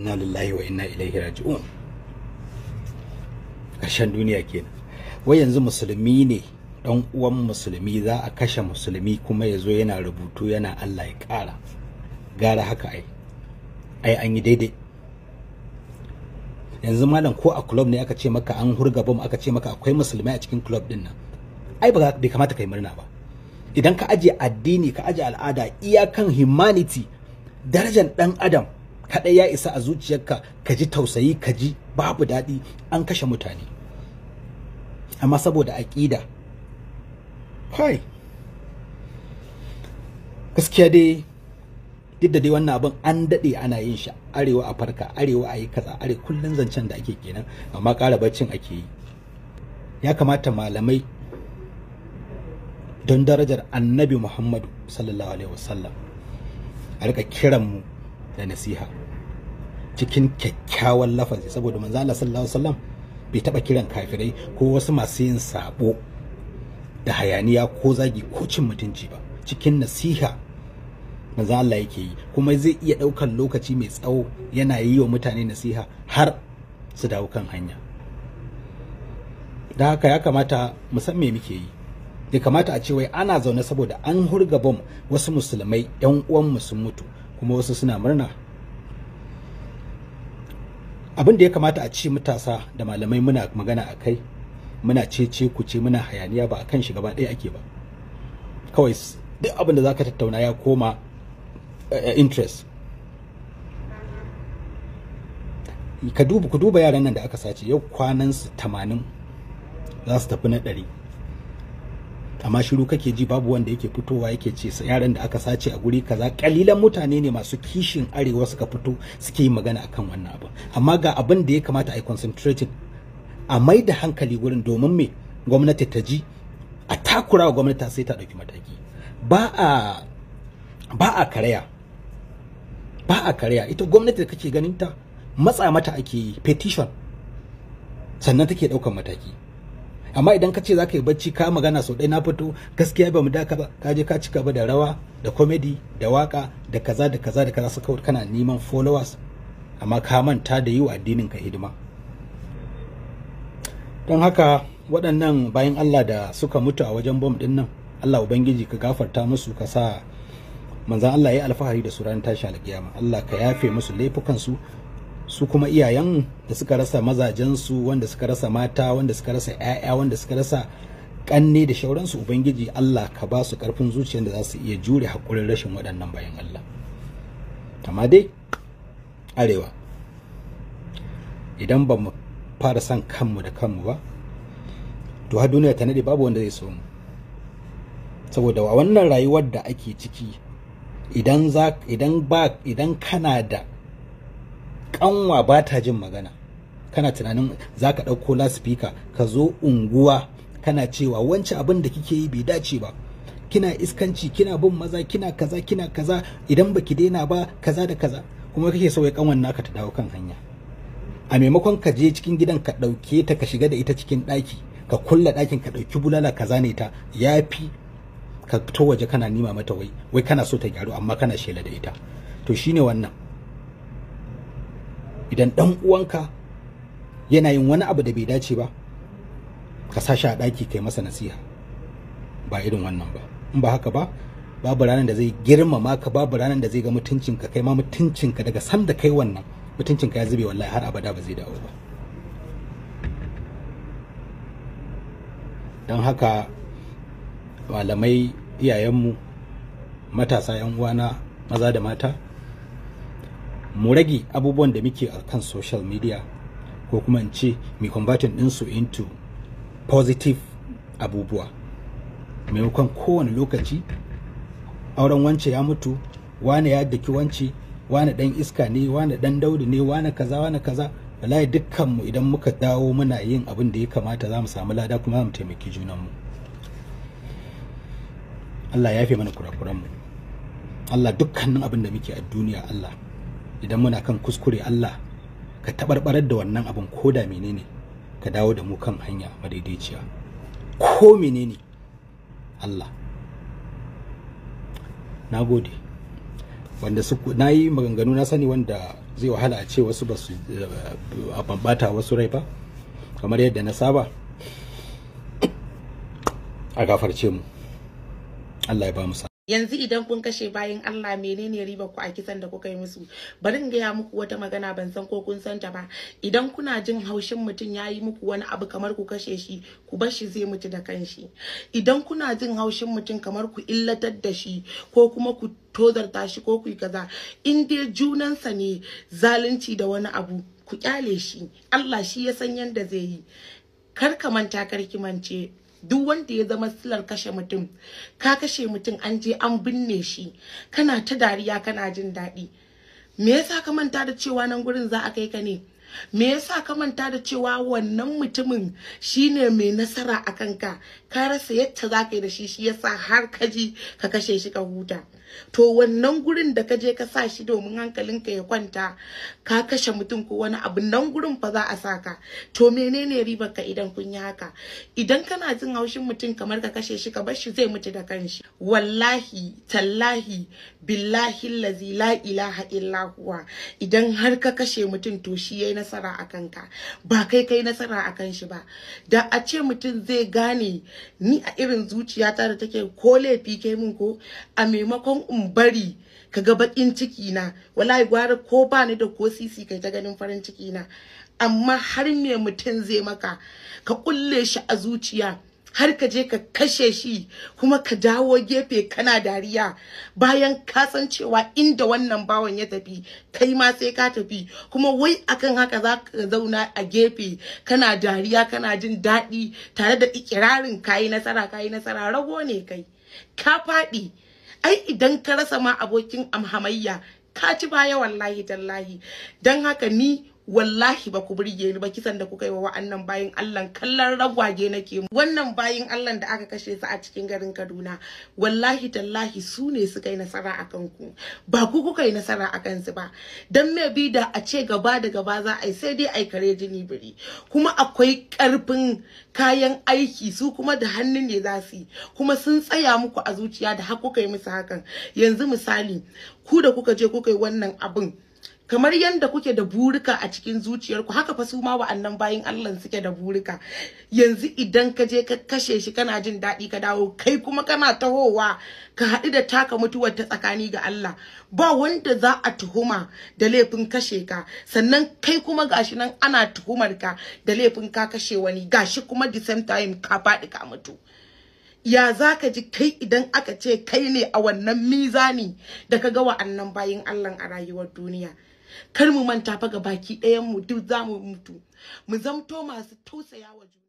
inna lillahi wa inna ilaihi raji'un ƙarshen duniya kenan wai yanzu musulmi ne dan uwan musulmi za a kashe musulmi kuma yazo yana rubutu yana Allah ya kara gara haka ai ai an yi daidai yanzu malam ko a club ne aka ce maka an hurga bom aka ce maka akwai musulmai a cikin club din nan ai ba bai kamata kai murna ba idan ka aje addini ka aje al'ada iyakan humanity darajar dan adam kadai ya isa a zuciyarka ka ji tausayi ka ji babu daɗi an kashe mutane amma saboda aƙida kai gaskiya dai duk da dai wannan abin an daɗe ana yin shi arewa a farka arewa a yi kaza are kullum zancen da ake kenan amma ƙara baccin ake yi ya kamata malamai don darajar annabi muhammadu sallallahu alaihi wasallam a rika kiran mu da nasiha cikin kyakkyawan lafazi saboda manzo Allah sallallahu alaihi wasallam bai taba kiran kafirai ko wasu masu yin sabo da hayaniya ko zagi ko cin mutunci ba cikin nasiha manzo Allah yake yi kuma zai iya daukan lokaci mai tsawo yana yi wa mutane nasiha har su dawo kan hanya da haka ya kamata mu san me muke yi ya kamata a ce wai ana zaune saboda an hurga bom wasu musulmai yan uwan mu sun mutu kuma wasu suna murna abin da ya kamata a ci matasa da malamai muna magana a kai muna cece ku ce muna hayaniya ba a kan shi gaba ɗaya ake ba kawai duk abin da za ka tattauna ya koma eh, eh, interest ka duba yaran nan da aka sace yau kwanan su 80 za su tafi na ɗari. amma shiru kake ji babu wanda yake fitowa yake ce yaran da aka sace a guri kaza kalilan mutane ne masu kishin arewa suka fito suke yi magana akan wannan abu amma ga abin da ya kamata a yi concentrating a mai da hankali wurin domin me gwamnati ta ji a takura wa gwamnati sai ta ɗauki mataki ba a ba a karaya ba a karaya ita gwamnati da kake ganin ta matsa mata ake petition sannan take ɗaukan mataki amma idan ka ce za ka yi bacci ka magana sau ɗaya na fito gaskiya ba mu da ba ka je ka ci gaba da rawa da comedy da waka da kaza da kaza da kaza suka kana neman followers amma ka manta da yi wa addinin ka hidima don haka waɗannan bayan Allah da suka mutu a wajen bom ɗin nan Allah ubangiji ka gafarta musu ka sa manzan Allah ya yi alfahari da su ran tashi alƙiyama Allah ka yafe musu laifukan su su kuma iyayen da suka rasa mazajensu wanda suka rasa mata wanda suka rasa 'ya'ya wanda suka rasa kanne da shauransu ubangiji Allah ka ba su karfin zuciyar da za su iya jure hakurin rashin waɗannan bayan Allah amma dai arewa idan ba mu fara son kanmu da kanmu ba to har duniya ta nade babu wanda zai so mu saboda a wannan rayuwar da ake ciki idan za idan ba idan kana da kanwa ba ta jin magana kana tunanin za ka ɗauko laspika ka zo unguwa kana cewa wance abin da kike yi bai dace ba kina iskanci kina bin maza kina kaza kina kaza idan baki daina ba kaza da kaza kuma kake sauya kanwan naka ta dawo kan hanya a maimakon ka je cikin gidan ka ɗauke ta ka shiga da ita cikin ɗaki ka kulla ɗakin ka ɗauki bulala kaza ne ta ya fi ka fito waje kana nima mata wai wai kana so ta gyaru amma kana shela da ita to shine wannan idan dan uwanka yana yin wani abu da bai dace ba ka sa shi a ɗaki kai masa nasiha ba irin wannan ba in ba haka ba babu ranar da zai girmama ka babu ranar da zai ga mutuncinka kai ma mutuncinka daga san da kai wannan mutuncinka ya zube wallahi har abada ba zai dawo ba don haka malamai iyayenmu matasa 'yan uwana maza da mata mu rage abubuwan da muke a kan social media ko kuma in ce mai convertin ɗinsu into positive abubuwa maimakon kowane lokaci auren wance ya mutu wane ya daki wance wane ɗan iska ne wane ɗan daudi ne wane kaza wane kaza wallahi dukkan mu idan muka dawo muna yin abin da ya kamata za mu samu lada kuma mu taimaki junan mu Allah ya fi mana kurakuran mu Allah dukkanin abin da muke a duniya Allah idan muna kan kuskure Allah ka tabarbarar da wannan abin koda da menene ka dawo da mu kan hanya madaidaiciya ko menene Allah na gode wanda su na yi maganganu na sani wanda zai wahala a ce wasu ba su a eh, bambata wasu rai ba kamar yadda na saba a gafarce mu Allah ya ba mu yanzu idan kun kashe bayan Allah menene ribar ku a kisan da kuka yi musu bari in gaya muku wata magana ban san ko kun san ta ba idan kuna jin haushin mutum ya yi muku wani abu kamar ku kashe shi ku bar shi zai mutu da kanshi idan kuna jin haushin mutum kamar ku illatar da shi ko kuma ku tozarta shi ko ku kaza in dai junansa ne zalunci da wani abu ku kyale shi Allah shi ya san yanda zai yi kar ka manta kar ki mance duk wanda ya zama silar kashe mutum ka kashe mutum an je an binne shi kana ta dariya kana jin daɗi me yasa ka manta da cewa nan gurin za a kai ka ne me yasa ka manta da cewa wannan mutumin shine mai nasara a kanka ka rasa yadda za ka yi da shi shi yasa har ka ji ka kashe shi ka huta to wannan gurin da kaje ka sa shi domin hankalinka ya kwanta ka kashe mutum ko wani abu nan gurin fa za a sa ka? to menene ribar ka idan kun yi haka idan kana jin haushin mutum kamar ka kashe shi ka bar shi zai mutu da kanshi wallahi tallahi billahi lazi la ilaha illa huwa idan har ka kashe mutum to shi yayi nasara a kanka ba kai kai nasara a kan shi ba da a ce mutum zai gane ni a irin zuciyata da take ko laifi kai mun ko a maimakon don in bari ka ga bakin ciki na wallahi gwara ko ba ni da ko sisi kai ta ganin farin ciki na amma har me mutum zai maka ka kulle shi a zuciya har ka je ka kashe shi kuma ka dawo gefe kana dariya bayan ka san cewa inda wannan bawan ya tafi kai ma sai ka tafi kuma wai akan haka za ka zauna a gefe kana dariya kana jin daɗi tare da ikirarin kayi nasara kayi nasara rago ne kai ka faɗi ai idan ka rasa ma abokin amhamayya ka ci baya wallahi tallahi don haka ni wallahi ba ku burge ni ba kisan da kuka yi wa wa'annan bayin Allah kallon ragwage nake mu wannan bayin Allah da aka kashe su a cikin garin Kaduna wallahi tallahi su ne suka yi nasara akan ku ba ku kuka yi nasara akan su ba dan me bi da a ce gaba da gaba za a yi sai dai a yi kare jini biri kuma akwai karfin kayan aiki su kuma da hannun ne za su yi kuma sun tsaya muku a zuciya da har kuka yi musu hakan yanzu misali ku da kuka je kuka yi wannan abin kamar yadda kuke da burika a cikin zuciyarku haka fa su ma wa'annan bayin Allah suke da burika yanzu idan ka je ka kashe shi kana jin daɗi ka dawo kai kuma kana tahowa ka haɗu da taka mutuwar ta tsakani ga Allah ba wanda za a tuhuma da laifin kashe ka sannan kai kuma gashi nan ana tuhumar ka da laifin ka kashe wani gashi kuma the same time ka faɗi ka mutu ya za ka ji kai idan aka ce kai ne a wannan mizani da ka ga wa'annan bayin Allah a rayuwar duniya kar mu manta fa gabaki baki ɗayan mu duk za mu mutu mu zamto masu tausaya wa juna